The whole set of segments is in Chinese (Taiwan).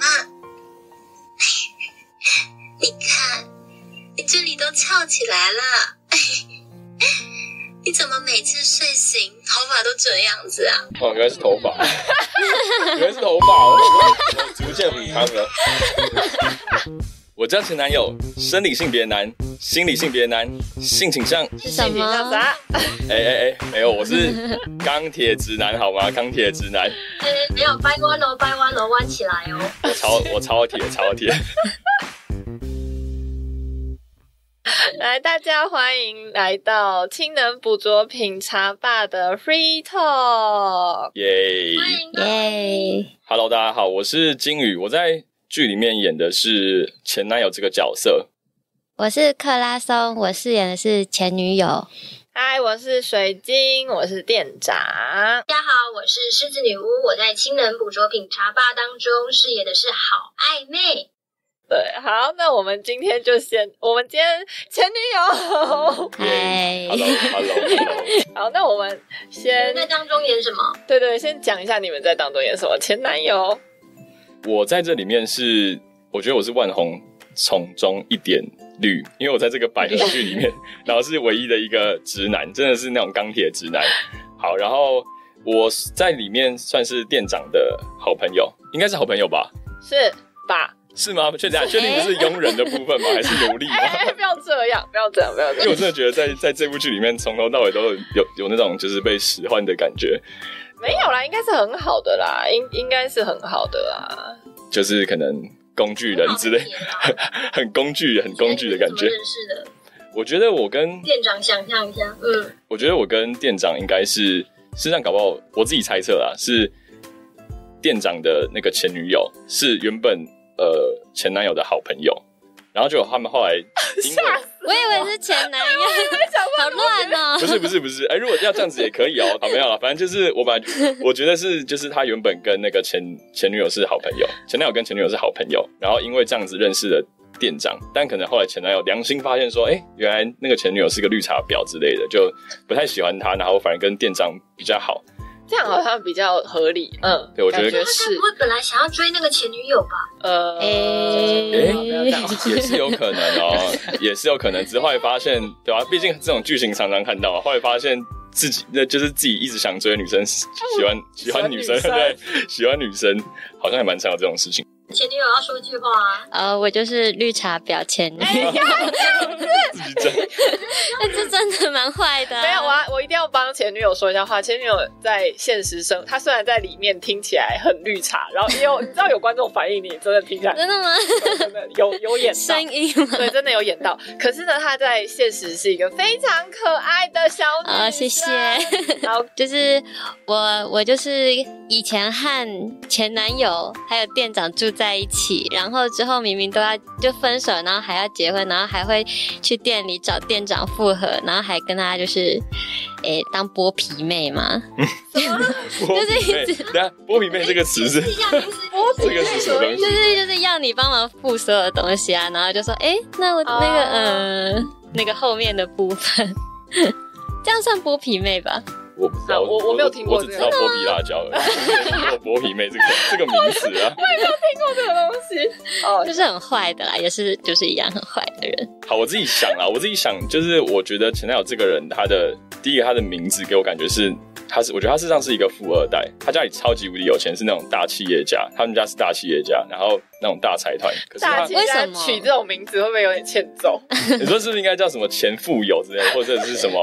啊，你看，你這裡都翹起來了，你怎麼每次睡醒頭髮都這樣子啊？哦，原來是頭髮，原 來是頭髮，哦， 我 我逐漸五湯了。 我前男友，生理性別男。心理性別男，性傾向性傾向啥？哎哎哎，沒有，我是鋼鐵直男，好嗎？鋼鐵直男。欸欸沒有掰彎嘍，掰彎嘍，彎起來哦。我超我超鐵， 超鐵鐵。 來，大家歡迎來到親能補拙品茶 Bar 的 free talk。耶、yeah，耶，Hello，大家好，我是金宇，我在劇裡面演的是前男友這個角色。我是克拉崧，我飾演的是前女友。嗨，我是水晶，我是店長。大家好，我是獅子女屋，我在《親能補拙品茶 Bar》當中飾演的是郝艾媚。對，好，那我們今天就先，我們今天前女友，嗨、okay.，Hello，Hello hello.。 好，那我們先你們在當中演什麼？對對，先講一下你們在當中演什麼。前男友，我在這裡面是，我覺得我是萬紅叢中一點。因為我在這個百合劇裡面，然後是唯一的一個直男，真的是那種鋼鐵直男。好，然後我在裡面算是店長的好朋友，應該是好朋友吧？是吧？是嗎？確定、啊？確定不是傭人的部分嗎？還是奴隸嗎、欸欸？不要這樣，不要這樣，不要這樣。因為我真的覺得在在這部劇裡面，從頭到尾都有有那種就是被使喚的感覺。沒有啦，應該是很好的啦，應應該是很好的啦，就是可能。工具人之類，很工具很工具的感覺。是的，我覺得我跟店長想象一下，嗯，我覺得我跟店長應該是，事實上搞不好，我自己猜測啦，是店長的那個前女友，是原本呃前男友的好朋友。然後就他們後來我，我以為是前男友，為友好亂哦！不是不是不是，哎，如果要這樣子也可以哦，好沒有了，反正就是我把，我覺得是就是他原本跟那個前前女友是好朋友，前男友跟前女友是好朋友，然後因為這樣子認識了店長，但可能後來前男友良心發現說，哎，原來那個前女友是個綠茶婊之類的，就不太喜歡她，然後反而跟店長比較好。這樣好像比較合理，嗯，對，我覺得是。他不會本來想要追那個前女友吧？呃，欸，也是有可能哦。也是有可能、喔。只是 後發現，對吧、啊？畢竟這種劇情常常看到，後來發現自己那就是自己一直想追女生，喜歡喜歡女生，嗯、 對，喜歡女生，好像也蠻常有這種事情。前女友要說句話啊！呃、uh,，我就是綠茶婊前女友。那 這真的蠻壞的、啊。沒有我要，我一定要幫前女友說一下話。前女友在現實生活，她雖然在裡面聽起來很綠茶，然後也有你知道有觀眾反映你真的聽起來真的 嗎？有有演到聲音嗎，對真的有演到。可是呢，她在現實是一個非常可愛的小女生。啊、oh,，謝謝。然後就是我，我就是以前和前男友還有店長住。在一起，然後之後明明都要就分手，然後還要結婚，然後還會去店裡找店長復合，然後還跟他就是，哎，當剝皮妹嘛， 皮妹 就是一直剝皮妹這個詞是，剝 皮妹，這個，是什麼東西？就是就是要你幫忙付所有的東西啊，然後就說，哎，那我那個嗯、oh. 呃，那個後面的部分，這樣算剝皮妹吧？我不知道，我我，我沒有聽過我我我，我只知道剝皮辣椒而已，剝 皮妹這個這個名詞啊，我，我也沒有聽過這個東西，oh. 就是很壞的啦，也是就是一樣很壞的人。好，我自己想啦，我自己想就是我覺得錢南有這個人，他的第一個他的名字給我感覺是，他是我覺得他事實上是一個富二代，他家裡超級無敵有錢，是那種大企業家，他們家是大企業家，然後。那種大財團，可是他為什麼取這種名字，會不會有點欠揍？你說是不是應該叫什麼前富有之類的，或者是什麼？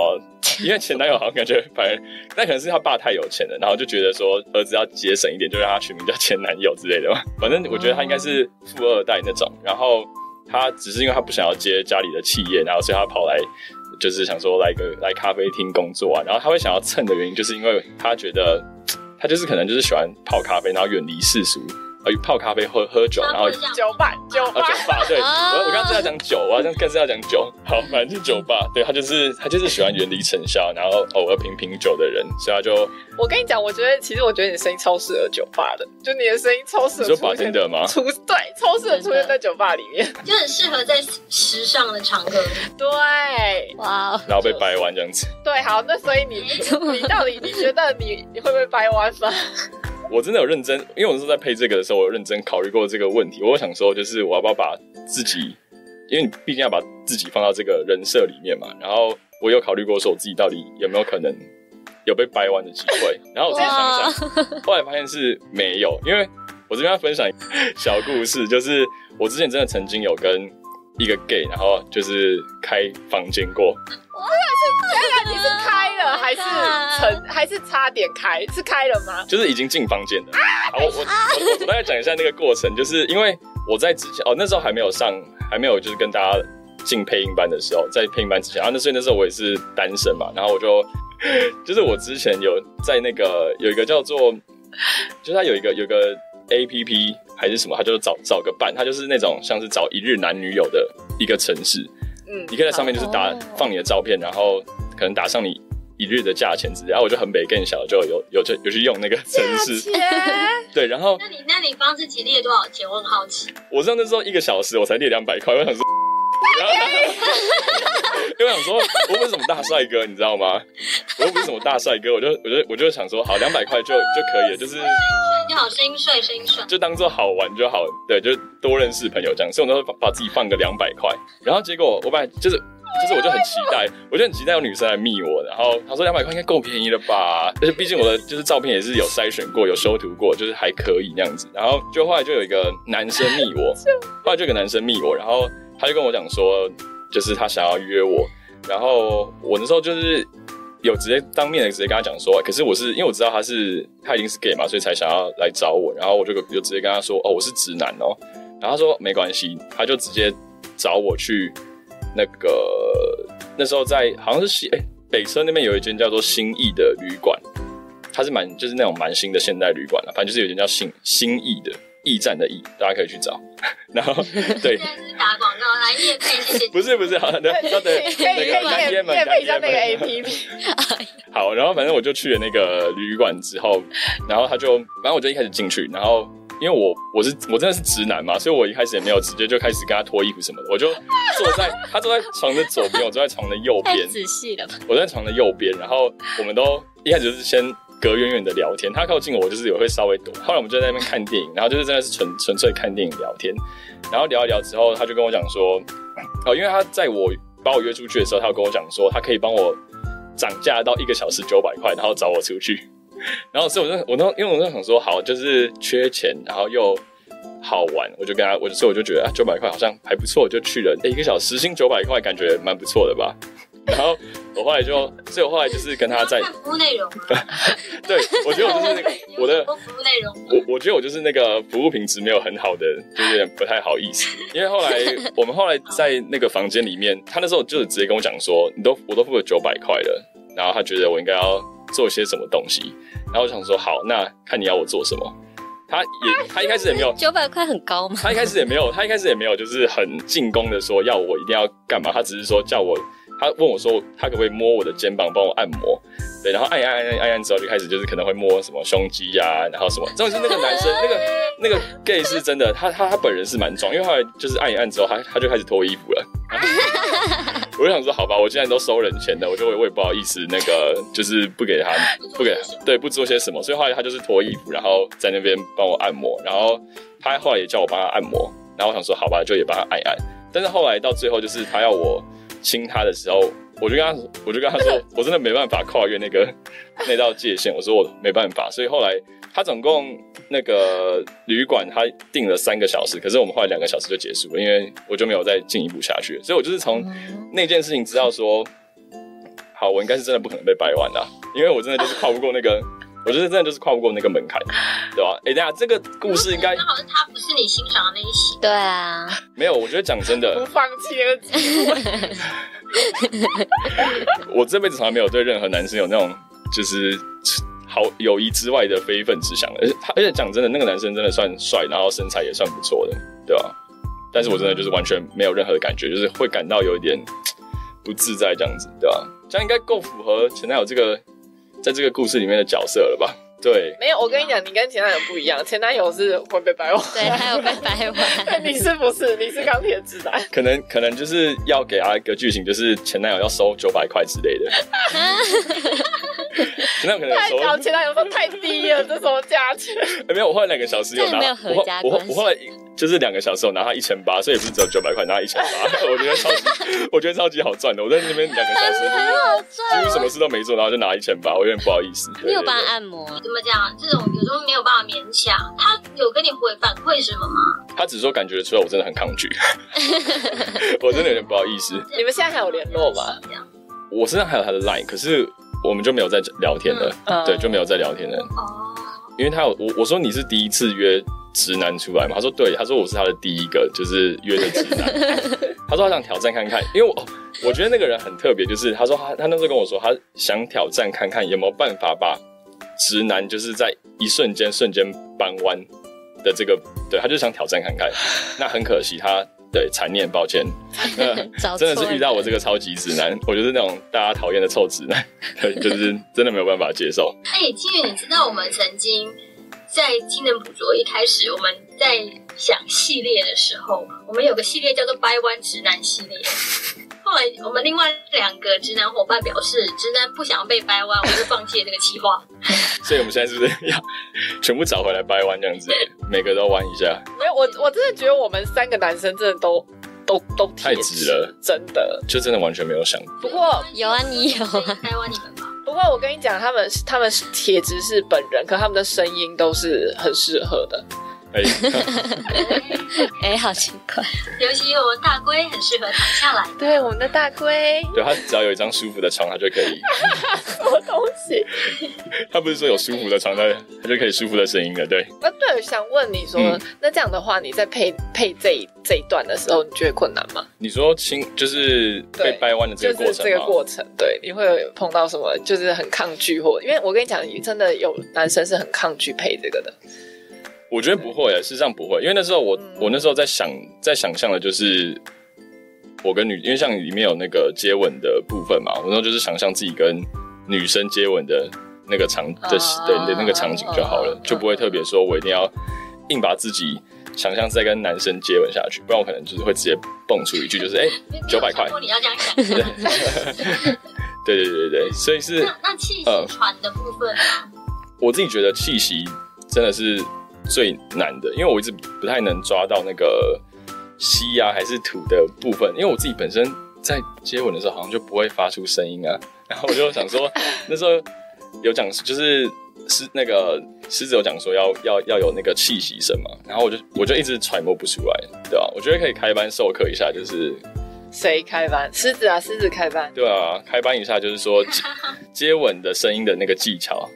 因為前男友好像感覺，反正那可能是他爸太有錢了，然後就覺得說兒子要節省一點，就讓他取名叫前男友之類的嘛。反正我覺得他應該是富二代那種，然後他只是因為他不想要接家裡的企業，然後所以他跑來就是想說來個來咖啡廳工作啊。然後他會想要蹭的原因，就是因為他覺得他就是可能就是喜歡泡咖啡，然後遠離世俗。泡咖啡喝、喝喝酒，然後酒吧、酒吧，酒吧哦酒吧哦、對、哦、我，我剛剛是要講酒，我好像更是要講酒。好，反正就是酒吧。對，他就是他就是喜歡遠離塵囂，然後偶爾品品酒的人，所以他就。我跟你講，我覺得其實我覺得你的聲音超適合酒吧的，就你的聲音超適合。你說巴金德嗎出？對，超適合出現在酒吧裡面，真的就很適合在時尚的場合。 對，哇、Wow,，然後被掰彎這樣子、就是。對，好，那所以你、欸、你到底你覺得你你會不會掰彎呢？我真的有認真，因為我是在配這個的時候，我有認真考慮過這個問題。我想說，就是我要不要把自己，因為你畢竟要把自己放到這個人設裡面嘛。然後我有考慮過，說我自己到底有沒有可能有被掰彎的機會。然後我自己想一想，後來發現是沒有。因為我這邊要分享一個小故事，就是我之前真的曾經有跟一個 gay，然後就是開房間過。原來是，原來你是開了還是成還是差點開，是開了嗎？就是已經進房間了。啊、我我我我大概講一下那個過程，就是因為我在之前哦那時候還沒有上，還沒有就是跟大家進配音班的時候，在配音班之前啊，那所以那時候我也是單身嘛，然後我就就是我之前有在那個有一個叫做，就是它有一個有一個 APP 還是什麼，他就找找個伴，他就是那種像是找一日男女友的一個城市。嗯，你可以在上面就是打放你的照片，然後可能打上你一日的價錢之類的，然後我就很沒更小就有有就有去用那個程式，對，然後那你那你幫自己列多少錢？我很好奇。我上那時候一個小時我才列兩百塊，我想說。嗯啊、然後他就， 因為我想說，我不是什麼大帥哥，你知道嗎？我又不是什麼大帥哥，我就，我就，我就想說，好，兩百塊就就可以了，就是你好，聲音帥，聲音帥，就當做好玩就好，對，就多認識朋友這樣，所以我都會把把自己放個兩百塊。然後結果，我本來就是，就是我就很期待我我，我就很期待有女生來密我。然後他說兩百塊應該夠便宜了吧？但是畢竟我的就是照片也是有篩選過，有修圖過，就是還可以那樣子。然後就後來就有一個男生密我， 後來就一個男生密我，然後。他就跟我講說，就是他想要約我，然後我那時候就是有直接當面的直接跟他講說，可是我是因為我知道他是他已經是 gay 嘛，所以才想要來找我，然後我就有直接跟他說，哦，我是直男哦，然後他說沒關係，他就直接找我去那個那時候在好像是，誒、欸，北車那邊有一間叫做新藝的旅館，它是蠻就是那種蠻新的現代旅館了，反正就是有一間叫新新藝的。驛、e、站的驛、e，大家可以去找。然後對，打廣告來驗配，謝謝。不是不是，好的好的，那個 NBM 那個 APP。好，然後反正我就去了那個旅館之後，然後他就，反正我就一開始進去，然後因為我我是我真的是直男嘛，所以我一開始也沒有直接就開始跟他脫衣服什麼的，我就坐在 他坐在床的左邊，我坐在床的右邊，太仔細了吧？我坐在床的右邊，然後我們都一開始就是先。隔遠遠的聊天，他靠近我就是也會稍微躲。後來我們就在那邊看電影，然後就是真的是純純 粹看電影聊天。然後聊一聊之後，他就跟我講說：“好、哦，因為他在我把我約出去的時候，他有跟我講說他可以幫我漲價到一個小時九百塊，然後找我出去。”然後所以我就我都因為我就想說好就是缺錢，然後又好玩，我就跟他我就所以我就覺得啊九百塊好像還不錯，就去了、欸、一個小時薪九百塊，塊感覺蠻不錯的吧。 然後我後來就，所以我後來就是跟他在他服務內容， 對，我覺得我就是那個我的服務內容，我我覺得我就是那個服務品質沒有很好的，就有點不太好意思。因為後來我們後來在那個房間裡面，他那時候就直接跟我講說，你都我都付了九百塊了，然後他覺得我應該要做些什麼東西。然後我想說，好，那看你要我做什麼。他也他一開始也沒有，九百塊很高嗎？他一開始也沒有，他一開始也沒有，就是很進攻的說要我一定要幹嘛，他只是說叫我。他問我說：“他可不可以摸我的肩膀，幫我按摩？”對，然後按一按，按一按，按按之後就開始，就是可能會摸什麼胸肌呀、啊，然後什麼。重點是那個男生，那個那個 gay 是真的，他他他本人是蠻壯。因為後來就是按一按之後，他他就開始脫衣服了。啊、 我就想說：“好吧，我既然都收人錢的，我就我也不好意思那個，就是不給他，不給，對，不做些什麼。”所以後來他就是脫衣服，然後在那邊幫我按摩。然後他後來也叫我幫他按摩，然後我想說：“好吧，就也幫他按一按。”但是後來到最後，就是他要我。親他的時候，我就跟他說，我就跟他說，我真的沒辦法跨越那個那道界限。我說我沒辦法，所以後來他總共那個旅館他訂了三個小時，可是我們後來兩個小時就結束了，因為我就沒有再進一步下去。所以我就是從那件事情知道說，好，我應該是真的不可能被掰彎的，因為我真的就是跨不過那個。我覺得真的就是跨不過那個門檻， 對吧？哎、欸，等下這個故事應該好像他不是你欣賞的那一型，對啊。 沒有，我覺得講真的， 不放棄鞋。 我這輩子從來沒有對任何男生有那種就是好友誼之外的非分之想的，而且而且講真的，那個男生真的算帥，然後身材也算不錯的，對吧？但是我真的就是完全沒有任何的感覺，就是會感到有一點不自在這樣子，對吧？這樣應該夠符合前男友這個。在這個故事裡面的角色了吧？對，沒有。我跟你講，你跟前男友不一樣，前男友是會被掰彎，對，還有被掰彎。 你是不是？你是鋼鐵直男？可能，可能就是要給他一個劇情，就是前男友要收九百塊之類的。 那可能收錢，他有時候太低了，這什麼價錢、欸？沒有，我後來兩個小時又拿，有我我我後來就是兩個小時，我拿他一千八，所以也不是只有九百塊，拿一千八，我覺得超級，我覺得超級好賺的。我在那邊兩個小時就，很好賺、喔，幾乎什麼事都沒做，然後就拿一千八，我有點不好意思。有幫按摩，怎麼講？這種有時候沒有辦法勉強。他有跟你回反饋什麼嗎？他只說感覺出來，我真的很抗拒， 我真的有點不好意思。你們現在還有聯絡嗎？我身上還有他的 line，可是。我們就沒有再聊天了，嗯嗯，對，就沒有再聊天了，嗯。因為他有我，我說你是第一次約直男出來嘛，他說對，他說我是他的第一個就是約的直男、 嗯，他說他想挑戰看看，因為我我覺得那個人很特別，就是他說他他那時候跟我說他想挑戰看看有沒有辦法把直男就是在一瞬間瞬間掰彎的這個，對，他就想挑戰看看，那很可惜他。 對殘念，抱歉，真的是遇到我這個超級直男，我就是那種大家討厭的臭直男，就是真的沒有辦法接受。哎、欸，金宇，你知道我們曾經在《親能補拙》，一開始我們在想系列的時候，我們有個系列叫做掰彎直男系列，後來我們另外兩個直男夥伴表示直男不想要被掰彎，我就放棄了這個企劃。 所以我們現在是不是要全部找回來掰彎這樣子，每個都彎一下？我我真的覺得我們三個男生真的都都都太直了，真的就真的完全沒有想過。不過有啊，你有啊台灣你們。 不過我跟你講，他們他們鐵直是本人，可他們的聲音都是很適合的。哎、 欸，好奇怪。尤其我們大龜很適合躺下來。對，我們的大龜，對它只要有一張舒服的床，它就可以。 什麼東西？它不是說有舒服的床，在，它就可以舒服的聲音的對。那對，我想問你說，嗯、那這樣的話，你在配配這一這一段的時候，你覺得困難嗎？你說輕，就是被掰彎的這個過程。就是、這個過程，對，你會碰到什麼？就是很抗拒或……因為我跟你講，你真的有男生是很抗拒配這個的。我覺得不會，事實上不會，因為那時候我、嗯、我那時候在想，在想象的就是我跟女，因為像裡面有那個接吻的部分嘛，我那時候就是想象自己跟女生接吻的那個場、哦、的的、哦、那個場景就好了，哦哦、就不會特別說我一定要硬把自己想象在跟男生接吻下去，不然我可能就是會直接蹦出一句就是哎、 欸、九百塊你 對對對對，所以是那氣息傳的部分、啊嗯、我自己覺得氣息真的是。最難的，因為我一直不太能抓到那個吸呀、啊、還是吐的部分，因為我自己本身在接吻的時候好像就不會發出聲音啊。然後我就想說， 那時候有講，就是獅那個獅子有講說要要要有那個氣息聲嘛。然後我就我就一直揣摩不出來，對吧、啊？我覺得可以開班授課一下，就是誰開班？獅子啊，獅子開班。對啊，開班一下就是說接吻的聲音的那個技巧。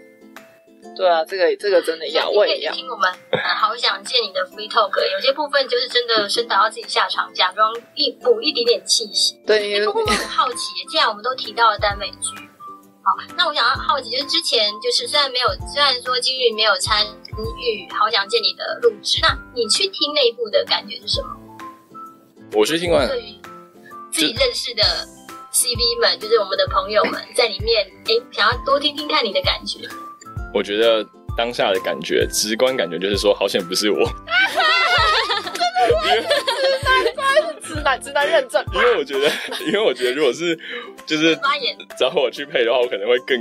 對啊，這個這個真的要。也要聽我們、 啊，好想見你的 free talk。有些部分就是真的，聲導要自己下場，假裝一補一點點氣息。對。不過我很好奇，既然我們都提到了耽美劇，好，那我想要好奇，就是之前就是雖然沒有，雖然說今日沒有參與好想見你的錄製，那你去聽那一部的感覺是什麼？我是聽完。對於自己認識的 C V 們，就是我們的朋友們，在裡面，哎，想要多聽聽看你的感覺。我覺得當下的感覺，直觀感覺就是說，好險不是我。 因,為 因為我覺得，因為我覺得，如果是就是，找我去配的話，我可能會更，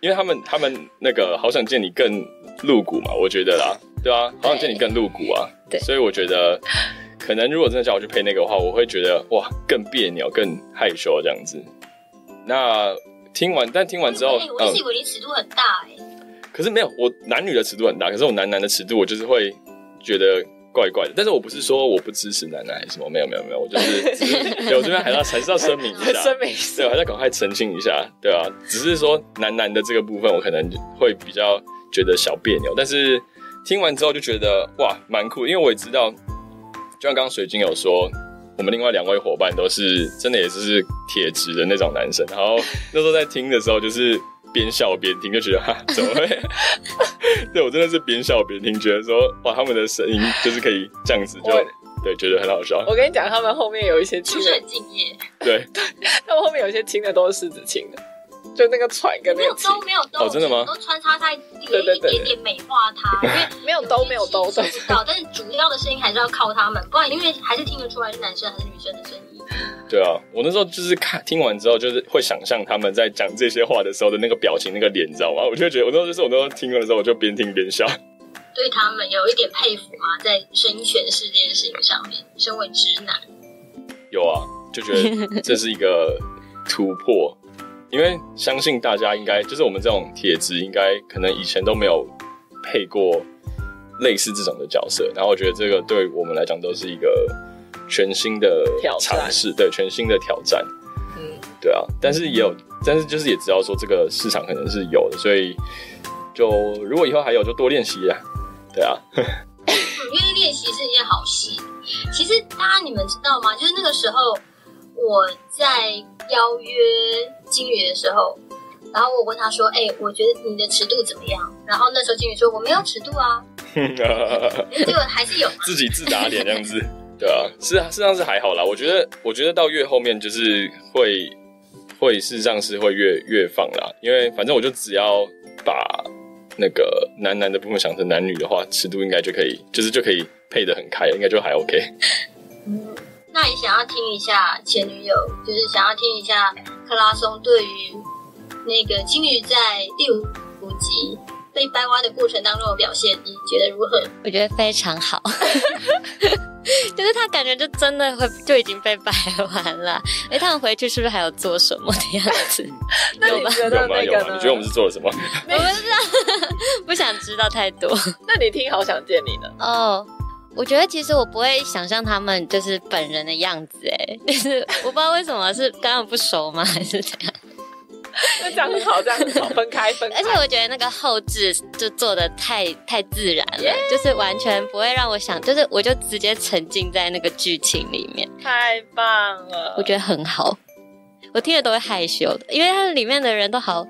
因為他們他們那個好想見你更露骨嘛，我覺得啦，對啊，好想見你更露骨啊。對，所以我覺得，可能如果真的叫我去配那個的話，我會覺得哇，更別扭，更害羞這樣子。那聽完，但聽完之後，欸欸、我一直以為你尺度很大誒、欸。可是沒有，我男女的尺度很大，可是我男男的尺度我就是會覺得怪怪的。但是我不是說我不支持男男還是什麼，沒有沒有沒有，我就是，是 對，我這邊還要還是要聲明一下， 對，我還是要趕快澄清一下，對啊，只是說男男的這個部分我可能會比較覺得小彆扭，但是聽完之後就覺得哇，蠻酷，因為我也知道，就像剛剛水晶有說，我們另外兩位伙伴都是真的也是鐵直的那種男生，然後那時候在聽的時候就是。邊笑邊聽就覺得哈、啊，怎麼會？ 對，我真的是邊笑邊聽，覺得說哇，他們的聲音就是可以這樣子就就對，覺得很好笑。我跟你講，他們後面有一些親的就是很敬業，對 他們後面有一些親的都是獅子親的。就那個喘跟那個，沒有刀，沒有刀哦，真的嗎？都穿插在，有一點點美化他。因為沒有刀，沒有刀，不知道。但是主要的聲音還是要靠他們，不然因為還是聽得出來是男生還是女生的聲音。對啊，我那時候就是看聽完之後，就是會想象他們在講這些話的時候的那個表情、那個臉，你知道嗎？我就覺得我，我那時候就是我那時候聽完的時候，我就邊聽邊笑。對他們有一點佩服嗎、啊？在聲音詮釋這件事情上面，身為直男。有啊，就覺得這是一個突破。 因為相信大家應該就是我們這種帖子，應該可能以前都沒有配過類似這種的角色，然後我覺得這個對我們來講都是一個全新的嘗試，對全新的挑戰。嗯，對啊，但是也有、嗯，但是就是也知道說這個市場可能是有的，所以就如果以後還有，就多練習呀。對啊。 因為練習是一件好事。其實大家你們知道嗎？就是那個時候我在。邀約鯨魚的時候，然後我問他說：“哎、欸，我覺得你的尺度怎麼樣？”然後那時候鯨魚說：“我沒有尺度啊。”結果還是有 自己自打臉這樣子，對啊，是事實上是還好啦。我覺得，我覺得到越後面就是會會事實上是會越越放啦，因為反正我就只要把那個男男的部分想成男女的話，尺度應該就可以，就是就可以配得很開，應該就還 OK。嗯。那也想要聽一下前女友，就是想要聽一下克拉崧對於那個鯨魚在第五五集被掰彎的過程當中的表現，你覺得如何？我覺得非常好 就是他感覺就真的會就已經被掰彎了。哎、欸，他們回去是不是還有做什麼的樣子？有 嗎？有嗎？有嗎？你覺得我們是做了什麼？ 我不知道，不想知道太多。 那你聽好想見你呢？哦、oh.。我覺得其實我不會想象他們就是本人的樣子、欸，哎，就是我不知道為什麼是剛剛不熟嗎？還是怎樣？ 這樣很好，這樣很好分開，分開。而且我覺得那個後製就做的太太自然了、yeah，就是完全不會讓我想，就是我就直接沉浸在那個劇情裡面。太棒了，我覺得很好。我聽了都會害羞的，因為他們裡面的人都好，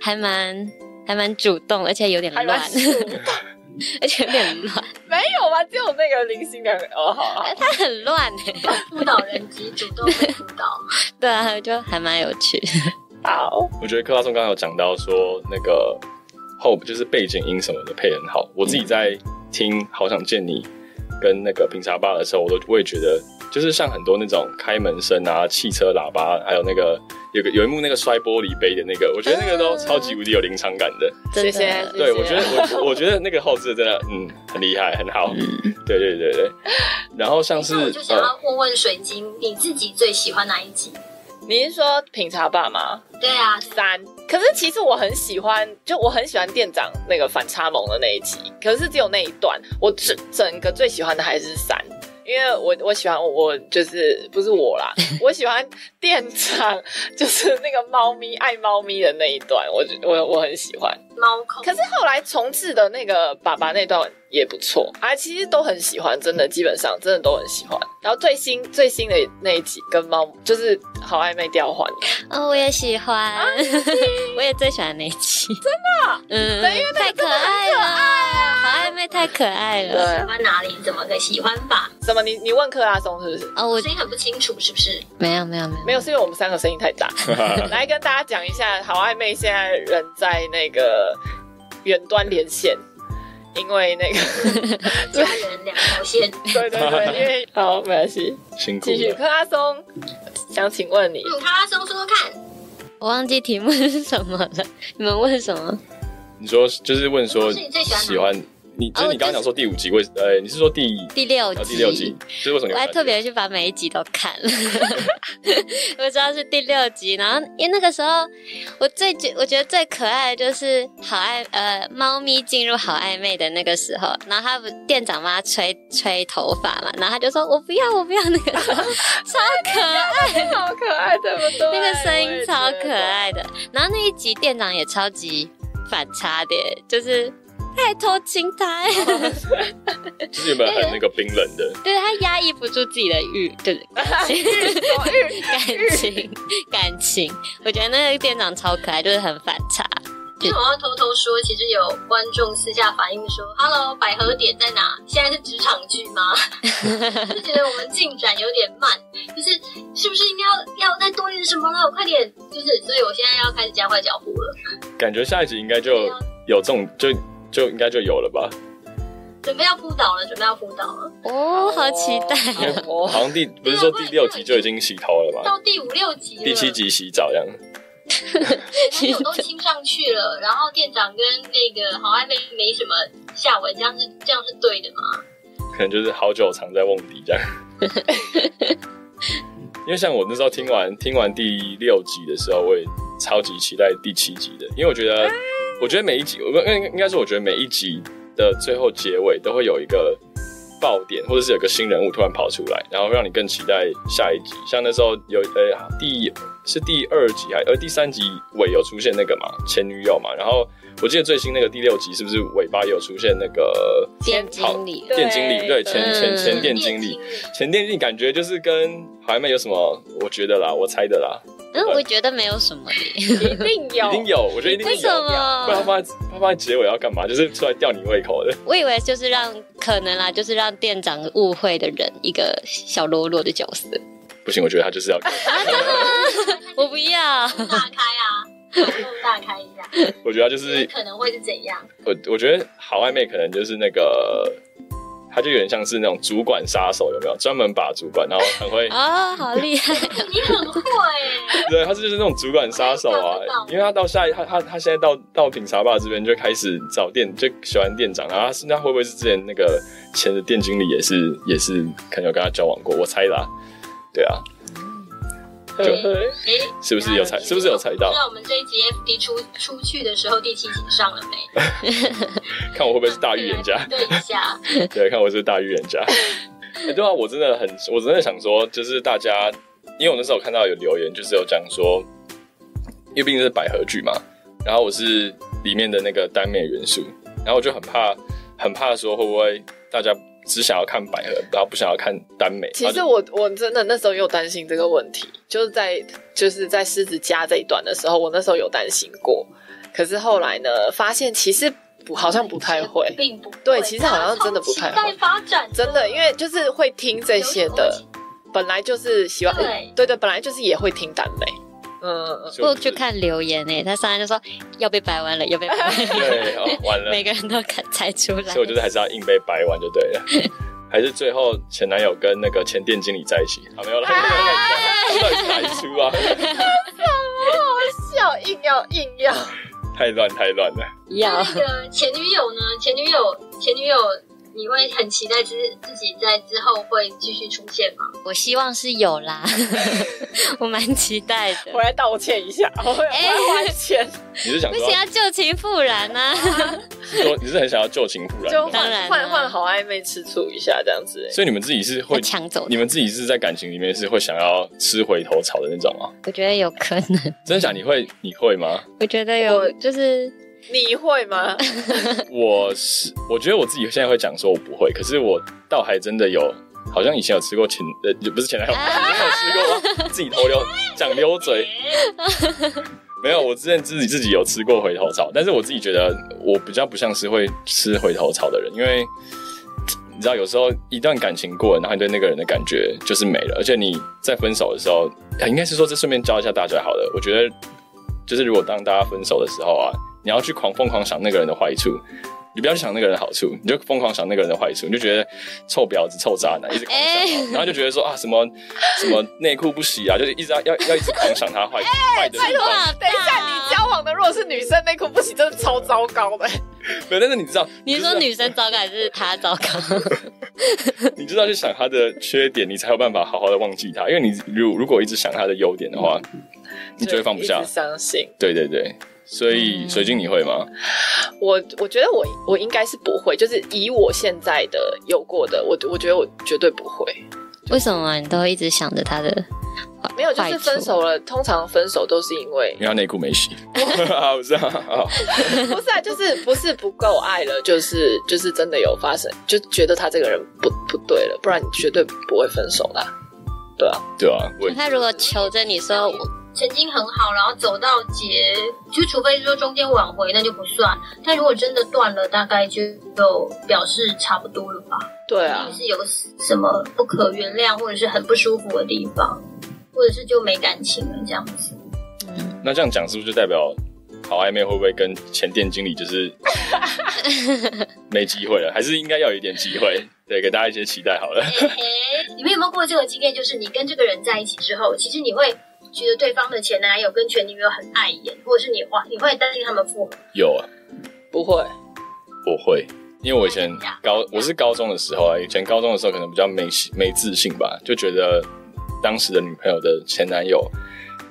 還蠻還蠻主動，而且有點亂， 而且有點亂。沒有吧？只有那個零星感。哦，好，好，好，它很亂呢。輔導人機主動輔導， 對啊，就還蠻有趣。好，我覺得克拉崧剛剛有講到說那個 hope 就是背景音什麼的配很好。我自己在聽《好想見你》跟那個《品茶 Bar》的時候，我都不會覺得。就是像很多那種開門聲啊、汽車喇叭，還有那個有個有一幕那個摔玻璃杯的那個，嗯、我覺得那個都超級無敵有臨場感的。的啊、謝謝對、啊、我覺得我 我覺得那個後製真的嗯很厲害很好、嗯。對對對對。然後像是我就想要問問水晶、呃，你自己最喜歡哪一集？你是說品茶 Bar 嗎？對啊。三。可是其實我很喜歡，就我很喜歡店長那個反差萌的那一集。可是只有那一段，我整整個最喜歡的還是三。因為我我喜歡我，我就是不是我啦， 我喜歡店長，就是那個貓咪愛貓咪的那一段，我我我很喜歡。貓。可是後來重製的那個爸爸那段也不錯、嗯、啊，其實都很喜歡，真的，基本上真的都很喜歡。然後最新最新的那一集跟貓就是好曖昧調換，哦，我也喜歡，啊、 我也最喜歡那一集，真的，嗯，太可愛了，愛啊、好曖昧太可愛了。喜歡哪裡？怎麼個喜歡法？什麼？你你問克拉崧是不是？哦、啊，我聲音很不清楚，是不是？沒有沒有沒有沒有，是因為我們三個聲音太大。 來跟大家講一下，好曖昧現在人在那個。遠端連線，因為那個家人兩條線。 對，對對對，因為 好沒關係。辛苦了。繼續，克拉崧，想請問你、嗯，克拉崧說說看，我忘記題目是什麼了。你們問什麼？你說就是問說，是你最喜歡喜歡。你其實你剛剛講說第五集為什？呃、哦就是，你是說第第六集？第六集，是為什麼？我還特別去把每一集都看了。 我知道是第六集，然後因為那個時候我最覺我覺得最可愛的就是好愛呃貓咪進入好曖昧的那個時候，然後他不店長媽吹吹頭髮嘛，然後他就說我不要我不要那個時候 超可愛， 好可愛，這麼多 那個聲音超可愛的。然後那一集店長也超級反差的，就是。太偷情台，就、哦、是有沒有很那個冰冷的？對，對他壓抑不住自己的欲，對感情、感情，感情、感情。我覺得那個店長超可愛，就是很反差。就是我要偷偷說，其實有觀眾私下反映說：“Hello，百合點在哪？現在是職場劇嗎？” 就覺得我們進展有點慢，就是是不是應該要要再多一點什麼了？快點，就是所以我現在要開始加快腳步了。感覺下一集應該就有、啊、有這種就。就應該就有了吧。準備要撲倒了，準備要撲倒了。哦、oh,，好期待、啊！哦！好像第不是說第六集就已經洗頭了嗎？到第五六集，第七集洗澡這樣。有 你的笑 都親上去了，然後店長跟那個好曖昧，沒什麼下文，這樣是這樣是對的嘛？可能就是好久藏在甕底這樣。 因為像我那時候聽完聽完第六集的時候，我也超級期待第七集的，因為我覺得。我覺得每一集，我應應該是我覺得每一集的最後結尾都會有一個爆點，或者是有個新人物突然跑出來，然後讓你更期待下一集。像那時候有呃、欸、第一。是第二集還而第三集尾有出現那個嘛，前女友嘛。然後我記得最新那個第六集是不是尾巴有出現那個店經經理？店經理對，對前、嗯、前前店經理，前店經經理感覺就是跟還沒有什麼？我覺得啦，我猜的啦。嗯，嗯我覺得沒有什麼的，一定有， 一定有。我覺得一定有。為什麼？不然爸爸爸爸結尾要幹嘛？就是出來吊你胃口的。我以為就是讓可能啦，就是讓店長誤會的人一個小嘍囉囉的角色。不行，我覺得他就是要開。 我不要 我大開啊，我不大開一下。我覺得他就是可能會是怎樣？我我覺得好曖昧，可能就是那個，他就有點像是那種主管殺手，有沒有？專門把主管，然後很會啊、哦，好厲害， 你很會耶。對，他是就是那種主管殺手啊，因為他到下一他他他現在到到品茶吧這邊就開始找店，就喜歡店長啊。他現在會不會是之前那個前的店經理也是也是，可能有跟他交往過？我猜的啊。對啊，就、okay, 哎，是不是有猜、啊？是不是有猜到？不知道我們這一集 F D 出出去的時候，第七集上了沒？ 看我會不會是大預言家 okay, 對,看一下？對，看我是大預言家？ 欸、對啊，我真的很，我真的想說，就是大家，因為我那時候我看到有留言，就是有講說，因為畢竟是百合劇嘛，然後我是裡面的那個單面元素，然後我就很怕，很怕說會不會大家。只想要看百合，然後不想要看耽美。其實我我真的那時候也有擔心這個問題，就是在就是在獅子家這一段的時候，我那時候有擔心過。可是後來呢，發現其實不好像不太會，並不對，其實好像真的不太會。期待發展，真的因為就是會聽這些的，本來就是喜歡，對，嗯、對，對對，本來就是也會聽耽美。呃、嗯、以就不去看留言呢，欸，他上來就說要被掰彎了，要被掰彎， 對、哦，完了， 每個人都看猜出來，所以我覺得還是要硬被掰彎就對了， 還是最後前男友跟那個前店經理在一起，沒有了，出來猜出啊，什麼好笑， 硬，硬要硬要，太亂太亂了，要那個前女友呢？前女友前女友。你會很期待，就是自己在之後會繼續出現嗎？我希望是有啦， 我蠻期待的。我來道歉一下，我，要、欸、我來花錢。你是想不想要舊情復燃呢？啊、是你是很想要舊情復燃，就換換好曖昧，吃醋一下這樣子、欸。所以你們自己是會搶走？你們自己是在感情裡面是會想要吃回頭草的那種嗎？我覺得有可能。真的想你會你會嗎？我覺得有，就是。你會嗎？ 我是我覺得我自己現在會講說我不會，可是我倒還真的有，好像以前有吃過前呃不是前男友，前有吃過自己偷溜講溜嘴， 沒有我之前自己自己有吃過回頭草，但是我自己覺得我比較不像是會吃回頭草的人，因為你知道有時候一段感情過了，然後你對那個人的感覺就是沒了，而且你在分手的時候，應該是說，這順便教一下大家好了，我覺得就是如果當大家分手的時候啊。你要去狂瘋狂想那個人的壞處，你不要去想那個人的好處，你就瘋狂想那個人的壞處，你就覺得臭婊子、臭渣男，一直狂想、欸，然後就覺得說啊，什麼什麼內褲不洗啊，就是一直要要一直狂想他壞壞的。拜、欸、托，等一下你交往的如果是女生內褲不洗，真的超糟糕的。沒 但是你知道，你是、啊、你說女生糟糕還是他糟糕？ 你知道去想他的缺點，你才有辦法好好的忘記他，因為你如果如果一直想他的優點的話、嗯，你就會放不下。相信。對對對。所以、嗯、水晶，你會嗎？我我覺得我我應該是不會，就是以我現在的有過的，我我覺得我絕對不會。為什麼、啊、你都一直想着他的？沒有，就是分手了。通常分手都是因為。你要內褲沒洗。 不是啊，不是就是不是不夠愛了，就是就是真的有發生，就覺得他這個人不不對了，不然你絕對不會分手啦、啊。對啊，對啊，他如果求着你說我。曾經很好，然後走到結，就除非是說中間挽回，那就不算。但如果真的斷了，大概就表示差不多了吧？對啊，是有什麼不可原諒，或者是很不舒服的地方，或者是就沒感情了這樣子。那這樣講是不是就代表好曖昧會不會跟前店經理就是沒機會了？還是應該要有一點機會，對，給大家一些期待好了。欸，欸，你們有沒有過這個經驗？就是你跟這個人在一起之後，其實你會。覺得對方的前男友跟前女友很礙眼，或者是你話，你會擔心他們復合？有啊，不會，不會，因為我以前高，我是高中的時候啊，以前高中的時候可能比較沒沒自信吧，就覺得當時的女朋友的前男友，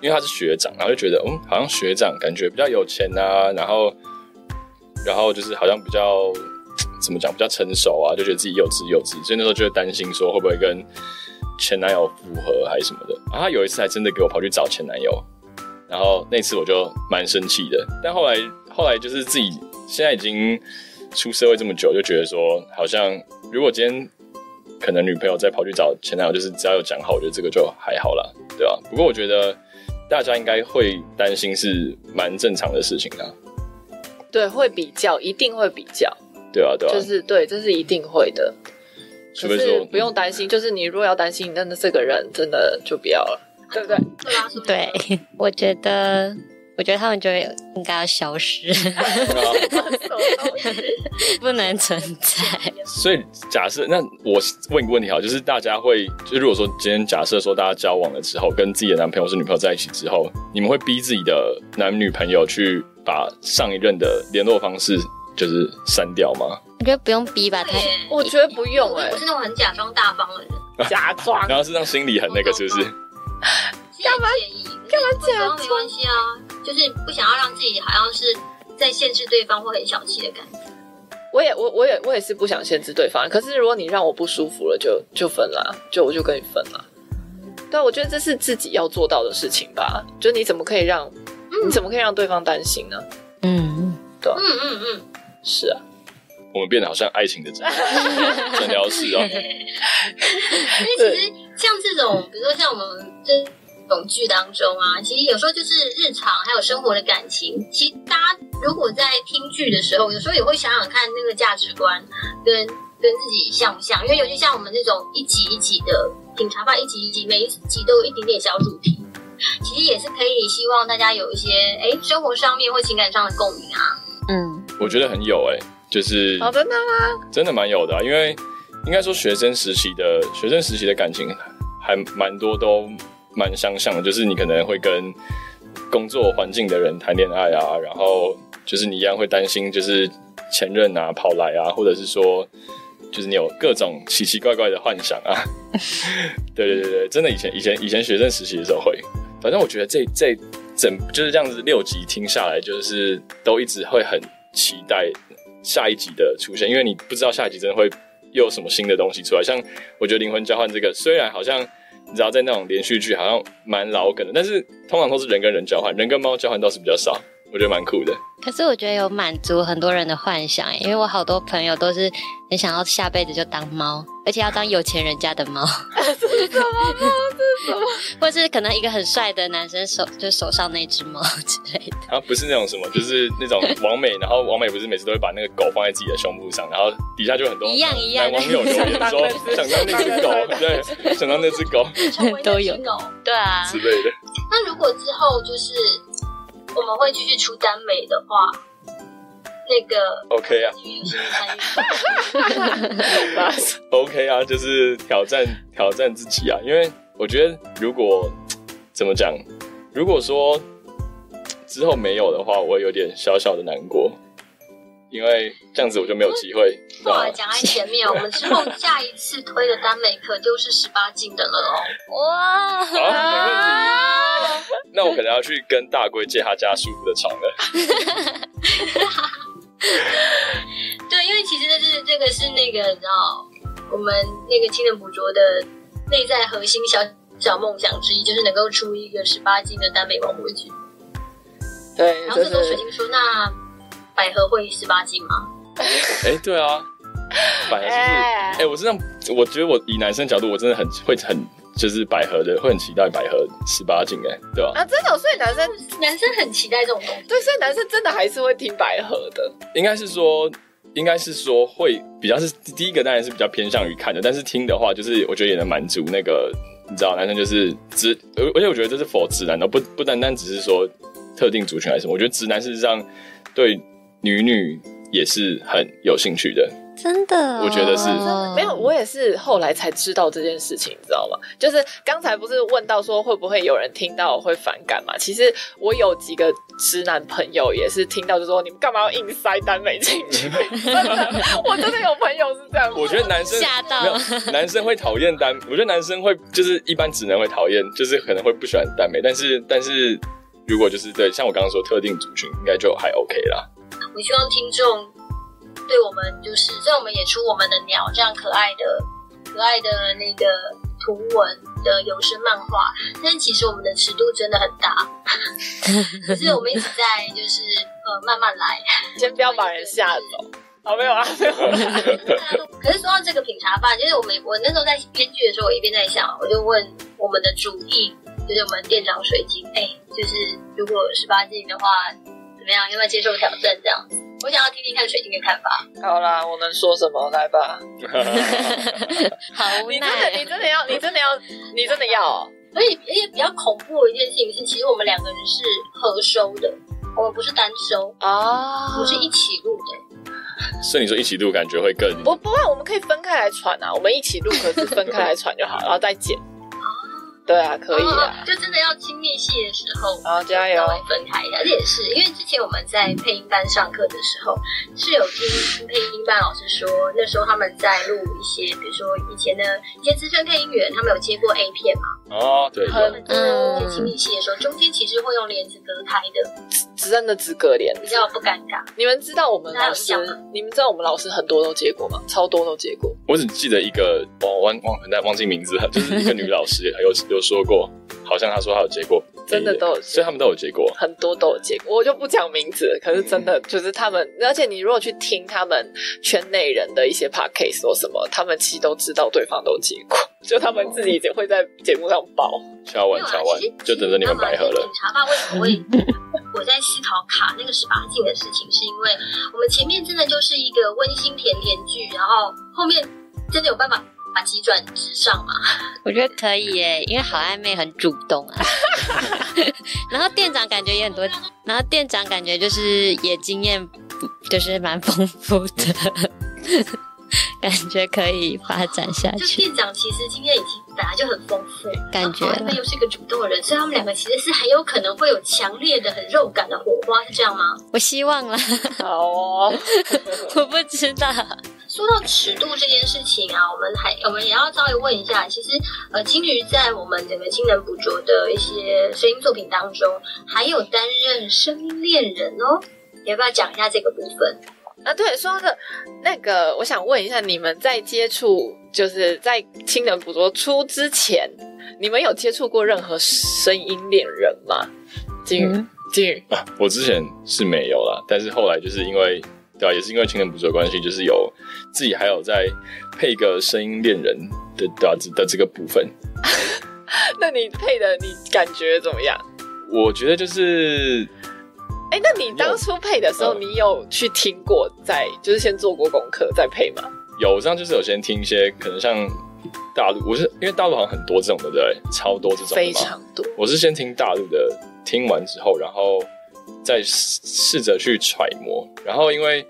因為他是學長，然後就覺得嗯，好像學長感覺比較有錢啊，然後然後就是好像比較怎麼講，比較成熟啊，就覺得自己幼稚幼稚，所以那時候就會擔心說，會不會跟。前男友復合還是什麼的，然後，他有一次還真的給我跑去找前男友，然後那次我就蠻生氣的。但後來後來就是自己現在已經出社會這麼久，就覺得說好像如果今天可能女朋友再跑去找前男友，就是只要有講好，我覺得這個就還好啦，對啊。不過我覺得大家應該會擔心，是蠻正常的事情的。對，會比較，一定會比較。對啊，對啊，就是對，這是一定會的。說，可是不用擔心。嗯，就是你如果要擔心，你真的這個人真的就不要了， 對不對？對，我覺得，我覺得他們就應該要消失， 不能存在。 所以假設，那我問一個問題哈，就是大家會，就是，如果說今天假設說大家交往了之後，跟自己的男朋友或是女朋友在一起之後，你們會逼自己的男女朋友去把上一任的聯絡方式就是刪掉嗎？我覺得不用逼吧，他我覺得不用、欸。哎，我是那種很假裝大方的人，假裝， 然後是讓心裡很那個，是不是？幹嘛？幹嘛？幹嘛假裝沒關係啊，就是不想要讓自己好像是在限制對方或很小氣的感覺。我也，我我也我也是不想限制對方。可是如果你讓我不舒服了就，就就分了，就我就跟你分了。對，我覺得這是自己要做到的事情吧。就你怎麼可以讓、嗯、你怎麼可以讓對方擔心呢？嗯，對、啊，嗯嗯嗯。嗯是啊，我們變得好像愛情的診療室哦。所 哦事、啊！ 其實像這種，比如說像我們這種劇當中啊，其實有時候就是日常還有生活的感情。其實大家如果在聽劇的時候，有時候也會想想看那個價值觀跟跟自己像不像。因為尤其像我們那種一集一集的品茶 Bar，一集一集每一集都有一點點小主題，其實也是可以希望大家有一些哎、欸、生活上面或情感上的共鳴啊。嗯。我覺得很有哎、欸，就是真的嗎？真的蠻有的，啊，因為應該說學生時期的學生時期的感情還蠻多都蠻相像的，就是你可能會跟工作環境的人談戀愛啊，然後就是你一樣會擔心就是前任啊跑來啊，或者是說就是你有各種奇奇怪怪的幻想啊。 對對對對，真的以前以前以前學生時期的時候會，反正我覺得這這整就是這樣子六集聽下來，就是都一直會很。期待下一集的出現，因為你不知道下一集真的會又有什麼新的東西出來。像我覺得靈魂交換這個，雖然好像你知道在那種連續劇好像蠻老梗的，但是通常都是人跟人交換，人跟貓交換倒是比較少，我覺得蠻酷的。可是我覺得有滿足很多人的幻想耶，因為我好多朋友都是很想要下輩子就當貓，而且要當有錢人家的貓。或 是什麼？是什麼？ 或者是可能一個很帥的男生手就手上那隻貓之類的。啊，不是那種什麼，就是那種網美， 然後網美不是每次都會把那個狗放在自己的胸部上，然後底下就很多一樣一樣的男網友留言說， 想到那隻狗，對 想到那隻狗，都有。對啊，之類的。那如果之後就是。我們會繼續出耽美的話，那個 OK 啊，參與 OK 啊，就是挑戰挑戰自己啊，因為我覺得如果怎麼講，如果說之後沒有的話，我有點小小的難過。因為這樣子，我就沒有機會。哇，講在前面， 我們之後下一次推的耽美可就是十八禁的了哦。哇，啊、沒問題， 那我可能要去跟大龜借他家舒服的床了。 對，因為其實這是這個是那個你知道，我們那個親能補拙的內在核心小小夢想之一，就是能夠出一個十八禁的耽美廣播劇。對，就是，然後更多水晶說那。百合會十八禁嗎？哎、欸，對啊，百合，就是哎、欸欸，我是這樣，我覺得我以男生的角度，我真的很會很就是百合的，會很期待百合十八禁。欸，哎，對吧？啊？啊，真的。哦，所以男生男生很期待這種東西。對，所以男生真的還是會聽百合的。應該是說，應該是說會比較是第一個當然是比較偏向於看的，但是聽的話，就是我覺得也能滿足那個你知道，男生就是直，而而且我覺得這是 for 直男的，不不單單只是說特定族群還是什麼，我覺得直男事實上對。女女也是很有興趣的，真的，我覺得是沒有。我也是後來才知道這件事情，你知道嗎？就是剛才不是問到說會不會有人聽到我會反感嘛？其實我有幾個直男朋友也是聽到就說你們幹嘛要硬塞耽美進去。真的，我真的有朋友是這樣。我覺得男生嚇到，男生會討厭耽，我覺得男生會就是一般直男會討厭，就是可能會不喜歡耽美，但是但是如果就是對像我剛剛說特定族群，應該就還 OK 啦。我希望聽眾對我們就是，雖然我們演出，我們的鳥這樣可愛的、可愛的那個圖文的有聲漫畫，但是其實我們的尺度真的很大。 可是我們一直在就是呃慢慢來，先不要把人嚇走。好、就是 哦，沒有啊。有 可是說到這個品茶吧，就是我們我那時候在編劇的時候，我一邊在想，我就問我們的主役，就是我們店長水晶，哎、欸，就是如果十八禁的話。怎麼樣？要不要接受挑戰？這樣，我想要聽聽看水晶的看法。好啦，我能說什麼？來吧。 好無奈，你真的要？你真的要？你真的要、哦？所以，也比較恐怖的一件事情是，其實我們兩個人是合收的，我們不是單收啊，不是一起錄的。所以你說一起錄，感覺會更不，不不會，我們可以分開來傳啊，我們一起錄可是分開來傳就好， 然後再剪。對啊，可以啊，oh, oh, oh, 就真的要親密戲的時候，啊、oh,，加油，分開一下。這也是因為之前我們在配音班上課的時候，是有聽配音班老師說，那時候他們在錄一些，比如說以前的以前資深配音員，他們有接過 A 片嘛？哦、oh,，對，和一些親密戲的時候，中間其實會用簾子隔開的，真的只，只隔簾，比較不尷尬。你們知道我們老師嗎？你們知道我們老師很多都接過嗎？超多都接過。我只記得一個，我忘忘，現忘記名字，就是一個女老師，還 有有說過，好像他說他有接過，真的都有，有、欸欸，所以他們都有接過，很多都有接過，我就不講名字。可是真的、嗯、就是他們，而且你如果去聽他們圈內人的一些 podcast 說什麼，他們其實都知道對方都接過，就他們自己也會在節目上爆，敲、哦、碗敲碗，敲碗啊、就等着你們百合了。警察爸為什麼會？ 我在思考卡那個十八禁的事情，是因為我們前面真的就是一個溫馨甜甜劇，然後後面真的有辦法。把急轉直上嘛，我覺得可以耶，因為好曖昧很主動啊， 然後店長感覺也很多，然後店長感覺就是也經驗就是蠻豐富的， 感覺可以發展下去。就店長其實經驗已經本來就很豐富，感覺他們又是一個主動的人，所以他們兩個其實是很有可能會有強烈的很肉感的火花，是這樣嗎？我希望啦，哦 我不知道。說到尺度這件事情啊，我們還我們也要稍微問一下，其實呃，鯨魚在我們整個《親能補拙》的一些聲音作品當中，還有擔任聲音戀人哦，你要不要講一下這個部分啊？對，說到、這個、那個，我想問一下，你們在接觸就是在《親能補拙》出之前，你們有接觸過任何聲音戀人嗎？鯨、嗯、魚，鯨魚、啊，我之前是沒有了，但是後來就是因為。也是因為情感捕捉的關係，就是有自己還有在配個聲音戀人的對吧、啊？的這個部分。 那你配的你感覺怎麼樣？我覺得就是，哎、欸，那你當初配的時候，你有，你有，你有去聽過，呃、在就是先做過功課再配嗎？有，我這樣就是有先聽一些，可能像大陸，我是因為大陸好像很多這種的，對，超多這種的，非常多。我是先聽大陸的，聽完之後，然後。再試試着去揣摩，然後因為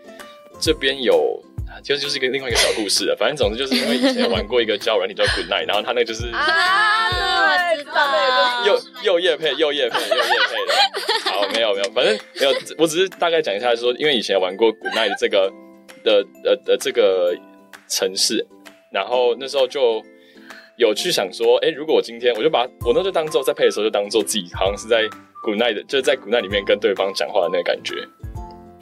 這邊有，其實、就是一個另外一個小故事了。反正總之就是因為以前玩過一個交友軟件叫 good night，然後他那個就是啊，對對對，知道對，又又業配，又業配，又業配的。好，沒有沒有，反正沒有，我只是大概講一下說，因為以前玩過 good night 的這個的的的，的這個城市，然後那時候就有去想說，誒，如果我今天我就把我那就當做在配的時候就當做自己好像是在。古奈的，就是在古奈裡面跟對方講話的那個感覺，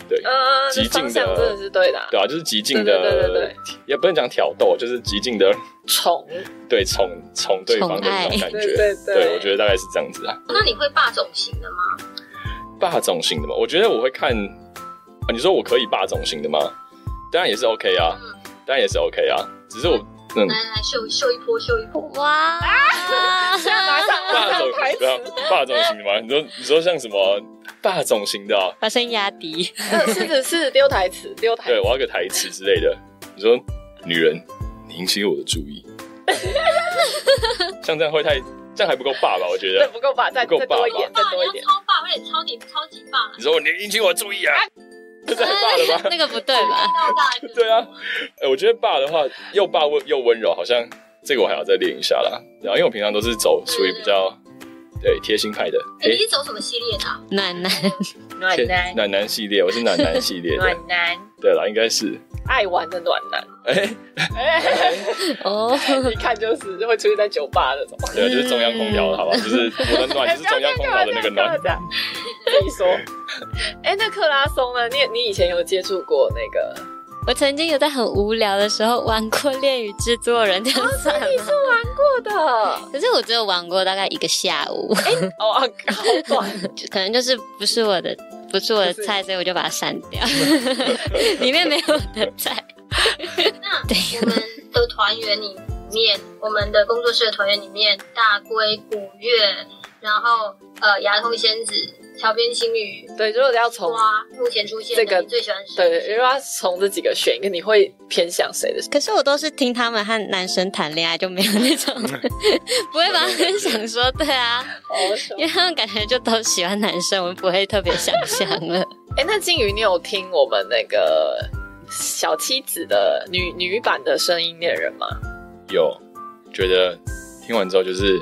對，呃、極盡的，真的是對的、啊，對吧、啊？就是極盡的對對對對對對，也不能講挑逗，就是極盡的寵，對寵寵對，對方的那種感覺，對對，對，對，我覺得大概是這樣子啊。哦、那你會霸總型的嗎？霸總型的嗎？我覺得我會看啊。你說我可以霸總型的嗎？當然也是 OK 啊，當、嗯、然也是 OK 啊，只是我。嗯嗯、來來秀秀一波秀一波哇！啊馬上，馬上霸總台詞，霸總型的嗎？你說你說像什麼霸總型的？啊？把聲壓低，嗯、是是丟台詞，丟台詞。對，我要個台詞之類的。你說，女人，你引起我的注意。 像這樣會太這樣？還不夠霸吧？我覺得這不夠霸，霸，再不夠霸一點，再多一點再多一點霸霸超霸，有點超級超級霸了。你說你引起我的注意啊？啊這爸的吧？那個不對吧？ 對啊、欸，我覺得爸的話又霸溫又溫柔，好像這個我還要再練一下啦。然後、啊、因為我平常都是走屬於比較對貼心派的。你、欸欸、你走什麼系列的？啊？暖男，男，暖男，暖男，男系列，我是暖男，男系列的， 暖男。對啦，應該是。愛玩的暖男，哎哎哦，一、欸欸 oh. 看就是就會出現在酒吧那種。對，就是中央空調的好吧？就是我的暖、欸就是中央空調的那個暖。欸、可以說，哎、欸，那克拉崧呢？你你以前有接觸過那個？ 我曾經有在很無聊的時候玩過《戀與製作人》哦，這樣算你是玩過的，可是我只有玩過大概一個下午。哎、欸，我、oh, uh, 好短 可能就是不是我的。不是我的菜，所以我就把它刪掉。 裡面沒有我的菜。 對，我們的團員裡面，我們的工作室的團員裡面，大龜、古月，然後呃，牙痛仙子。橋邊鯨魚，對，如果要從、這個、目前出現的這個最喜歡，對，如果要從這幾個選一個，你會偏向誰的選？可是我都是聽他們和男生談戀愛，就沒有那種 不會吧？很想說 對啊， 因為他們感覺就都喜歡男生，我們不會特別想象了。哎、 欸，那鯨魚，你有聽我們那個小妻子的女女版的聲音戀人嗎？有，覺得聽完之後就是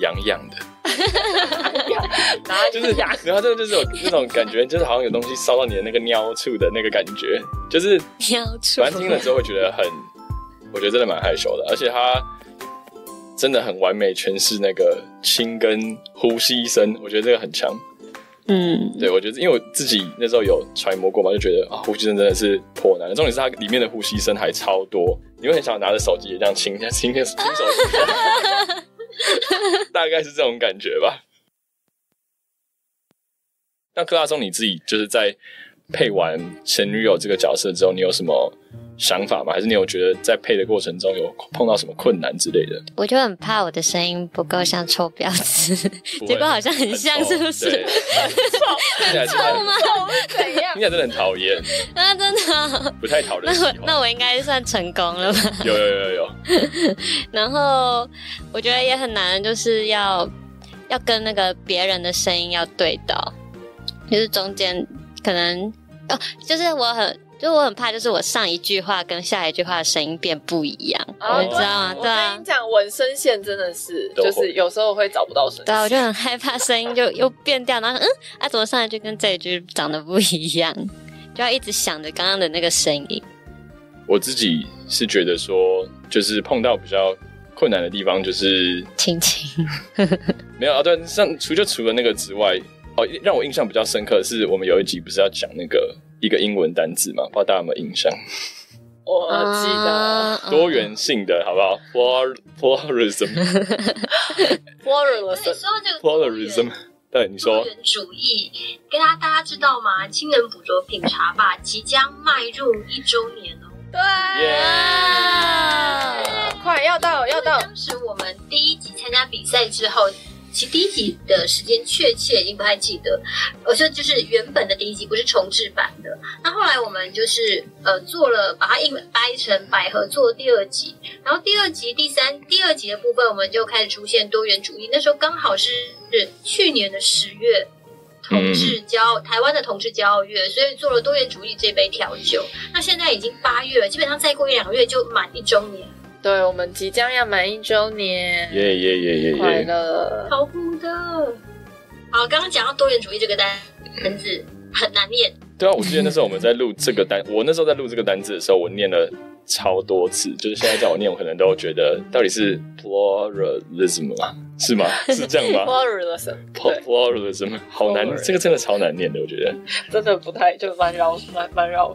癢癢的。然 哈就是， 然後這、就是、 就是有那種感覺，就是好像有東西燒到你的那個尿處的那個感覺，就是尿完聽了之後會覺得很，我覺得真的蠻害羞的，而且他真的很完美詮釋那個親跟呼吸聲，我覺得這個很強。嗯，對我覺得，因為我自己那時候有揣摩過嘛，就覺得啊、哦，呼吸聲真的是頗難，重點是它裡面的呼吸聲還超多，你會很想拿着手機也這樣親，但是應該是親手大概是這種感覺吧。那克拉崧，你自己就是在，配完前女友這個角色之後，你有什麼想法嗎？還是你有覺得在配的過程中有碰到什麼困難之類的？我就很怕我的聲音不夠像臭婊子。 結果好像很像，哦、是不是？很臭，很、臭 很臭嗎？怎樣？你也真的很討厭、啊。那真的不太討厭。那那我應該算成功了吧？有有有有有。 然後我覺得也很難，就是要要跟那個別人的聲音要對到，就是中間。可能、哦、就是我很，就是我很怕，就是我上一句話跟下一句話的聲音變不一樣，哦、你知道嗎？對啊對啊、我跟你講，紋身線真的是，就是有時候會找不到聲。對，我就很害怕聲音就又變掉，然後嗯，啊，怎麼上一句跟這一句長得不一樣，就要一直想着剛剛的那個聲音。我自己是覺得說，就是碰到比較困難的地方，就是親親，清清 沒有啊？對，像除就除了那個之外。哦，讓我印象比較深刻的是我們有一集不是要講那個一個英文單詞嘛？不知道大家有沒有印象？我記得，多元性的，uh, uh. 好不好？Pluralism，Pluralism，對 你 說。人 主義，大家大家知道嗎？親能補拙品茶 Bar 即將邁入一周年哦、喔。 對、yeah. 欸，快要到 要到。當時我們第一集參加比賽之後。其實第一集的時間確切已經不太記得，而且就是原本的第一集不是重置版的。那後來我們就是呃做了把它硬掰成百合做第二集，然後第二集、第三、第二集的部分我們就開始出現多元主義。那時候剛好是是去年的十月，同志驕傲台灣的同志驕傲月，所以做了多元主義這杯調酒。那現在已經八月了，基本上再過一兩個月就滿一周年。對，我們即將要滿一周年，耶耶耶耶耶，快樂！好酷的。好，剛剛講到多元主義這個單字、嗯、很難念。對啊，我記得那時候我們在錄這個單， 我那時候在錄這個單字的時候，我念了超多次。就是現在叫我念，我可能都有覺得到底是 pluralism 是嗎？是這樣嗎 ？pluralism pluralism 好難， 這個真的超難念的，我覺得真的不太就蠻繞蠻蠻繞。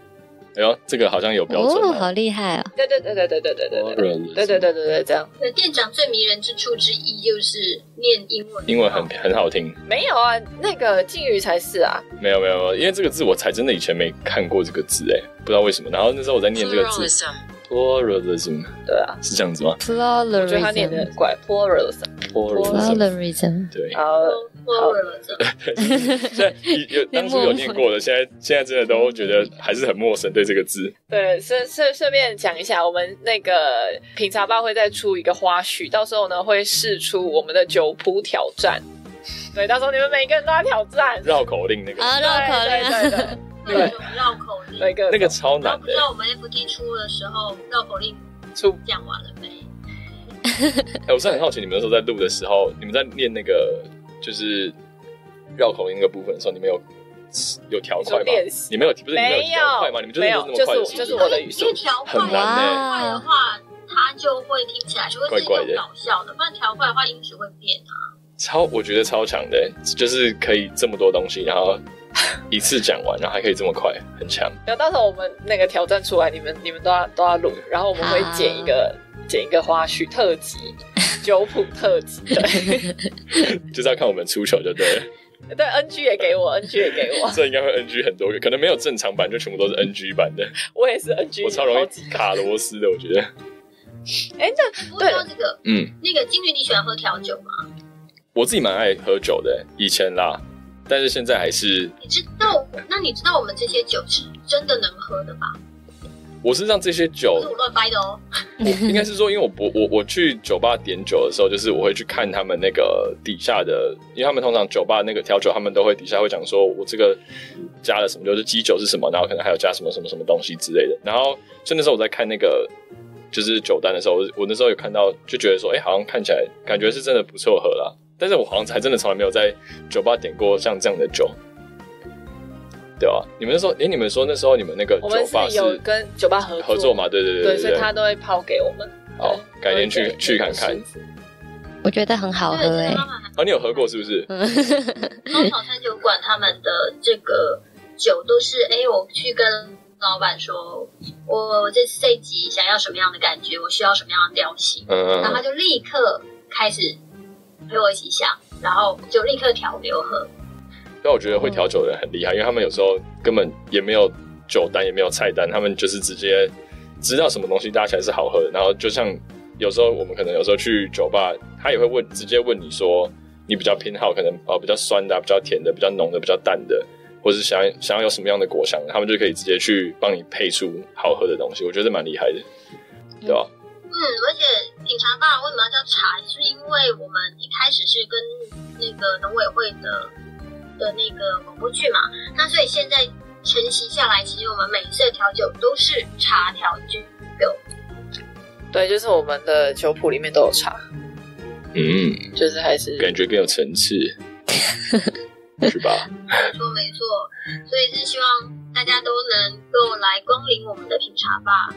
哎呦，這個好像有標準、啊哦，好厲害啊！對對對對對對對對對對對對對,對，這樣。那店長最迷人之處之一就是念英文，英文很很好聽。沒有啊，那個鯨魚才是啊。沒有沒有沒有，因為這個字我才真的以前沒看過這個字哎，不知道為什麼。然後那時候我在念這個字 Pluralism.，pluralism，對啊，是這樣子嗎？Pluralism. 我覺得他念的很怪，pluralism，pluralism，Pluralism. Pluralism. Pluralism. Pluralism. 對啊。Uh -oh. 過了，所以有當初有念過了，現在現在真的都覺得還是很陌生，對這個字。對，順順順便講一下，我們那個品茶吧會再出一個花絮，到時候呢會釋出我們的酒譜挑戰。對，到時候你們每個人都要挑戰繞口令那個。啊，繞口令。對，對，對，對，繞口令。那個那個超難的。不知道我們 FT 出的時候繞口令出講完了沒？欸、我是很好奇，你們那時候在錄的時候，你們在念那個。就是繞口令的部分的時候，你們有有調快嗎？你們有不是沒有調快嗎？你們就是這、就是就是、麼快是是？這、就是我的語速，很難調快、嗯、的話，它就會聽起來就會怪怪的、搞笑的。不然調快的話，音質會變。超，我覺得超強的，就是可以這麼多東西，然後一次講完，然後還可以這麼快，很強。那 到時候我們那個挑戰出來，你們你們都要都要錄，然後我們會剪一個、啊、剪一個花絮特輯。酒譜特輯，對， 就是要看我們出球，就對了。對，NG 也給我，NG 也給我，這 應該會 NG 很多個，可能沒有正常版，就全部都是 NG 版的。我也是 NG，也我超容易卡螺絲的，我覺得。哎、 欸，那對不說這個，嗯，那個鯨魚你喜歡喝調酒嗎？我自己蠻愛喝酒的、欸，以前啦，但是現在還是。你知道？那你知道我們這些酒是真的能喝的嗎？我身上這些酒，是我亂掰的哦。應該是說，因為我不我我去酒吧點酒的時候，就是我會去看他們那個底下的，因為他們通常酒吧那個調酒，他們都會底下會講說，我這個加了什麼，就是基酒是什麼，然後可能還有加什麼什麼什麼東西之類的。然後，那時候我在看那個就是酒單的時候，我那時候有看到，就覺得說，哎、欸，好像看起來感覺是真的不錯喝啦，但是我好像還真的從來沒有在酒吧點過像這樣的酒。對啊，你們說，哎，你們說那時候你們那個酒吧有跟酒吧合作嘛？對對對對，所以他都會拋給我們。好，改天去去看看。我覺得很好喝欸。好，啊，你有喝過是不是？稻草餐酒館他們的這個酒都是，哎，我去跟老闆說，我這次這集想要什麼樣的感覺，我需要什麼樣的調性，嗯嗯，然後他就立刻開始陪我一起想，然後就立刻調給我喝。但我覺得會調酒的人很厲害、嗯，因為他們有時候根本也沒有酒單，也沒有菜單，他們就是直接知道什麼東西搭起來是好喝的。然後就像有時候我們可能有時候去酒吧，他也會問，直接問你說你比較偏好可能比較酸的、比較甜的、比較濃的、比較淡的，或是想要想要有什麼樣的果香，他們就可以直接去幫你配出好喝的東西。我覺得蠻厲害的、嗯，對吧？嗯，而且品茶 Bar 為什麼要叫茶，就是因為我們一開始是跟那個農委會的。的那個廣播劇嘛，那所以現在成型下來，其實我們每一次調酒都是茶調酒，就是。對，就是我們的酒譜裡面都有茶。嗯，就是還是感覺更有層次，是 吧？沒錯，沒錯，所以是希望大家都能夠來光臨我們的品茶吧，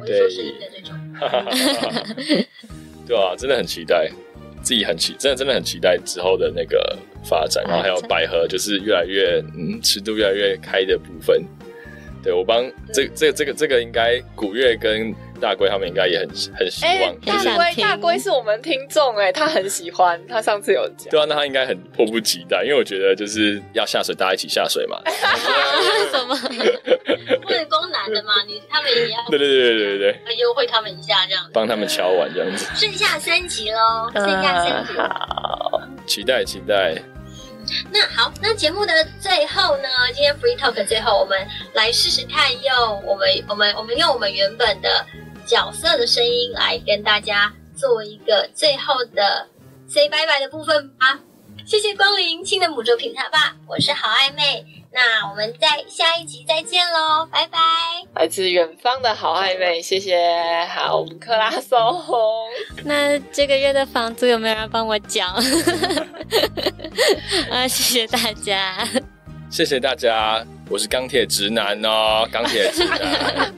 或者說聲音的這種。 對啊，真的很期待。自己很期，真的真的很期待之後的那個發展，啊、然後還有百合，就是越來越嗯，尺度越來越開的部分。對我幫這這這個、嗯這個這個、這個應該古月跟大龜他們應該也很很希望。大、欸、龜、就是、大龜是我們聽眾哎，他很喜歡，他上次有人講。對啊，那他應該很迫不及待，因為我覺得就是要下水，大家一起下水嘛。 嗯嗯嗯啊、什麼？ 不能攻男的嗎？你他們也要？對對對對對對對。優惠他們一下這樣子。幫他們敲完這樣子。剩下三集嘍，剩、啊、下三集。好，期待期待。那好，那節目的最後呢，今天 free talk 的最後，我們來試試看用我們我們我們用我們原本的角色的聲音來跟大家做一個最後的 say bye bye 的部分吧。謝謝光臨，親能補拙品茶吧，我是郝艾媚，那我們在下一集再見嘍，拜拜！來自遠方的郝艾媚，謝謝，好，我們克拉崧。那這個月的房租有沒有人幫我講？ 啊，謝謝大家，謝謝大家，我是鋼鐵直男哦，鋼鐵直男。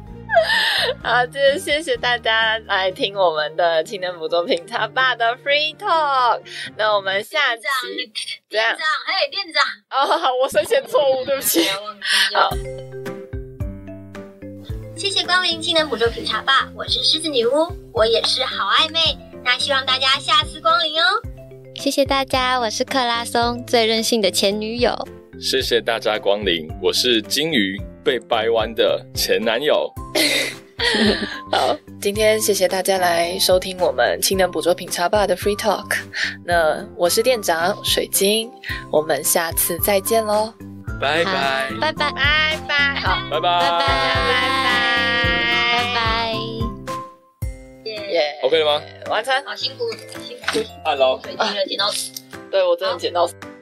好，今天謝謝大家來聽我們的親能補拙品茶 Bar 的 Free Talk。那我們下期這樣子，店長，哎，店長，哦，好好我書寫錯誤，對不起 不。好，謝謝光臨親能補拙品茶 Bar，我是獅子女屋，我也是郝艾媚。那希望大家下次光臨哦。謝謝大家，我是克拉崧最任性的前女友。謝謝大家光臨，我是鯨魚。被掰彎的前男友 。好，今天謝謝大家來收聽我們親能補拙品茶 Bar 的 Free Talk。那我是店長水晶，我們下次再見嘍。拜拜拜拜拜拜。好，拜拜拜拜拜拜。耶、yeah.，OK 了嗎？完成。好辛苦，辛苦。Hello，、啊、水晶撿到。對，我真的撿到。Oh.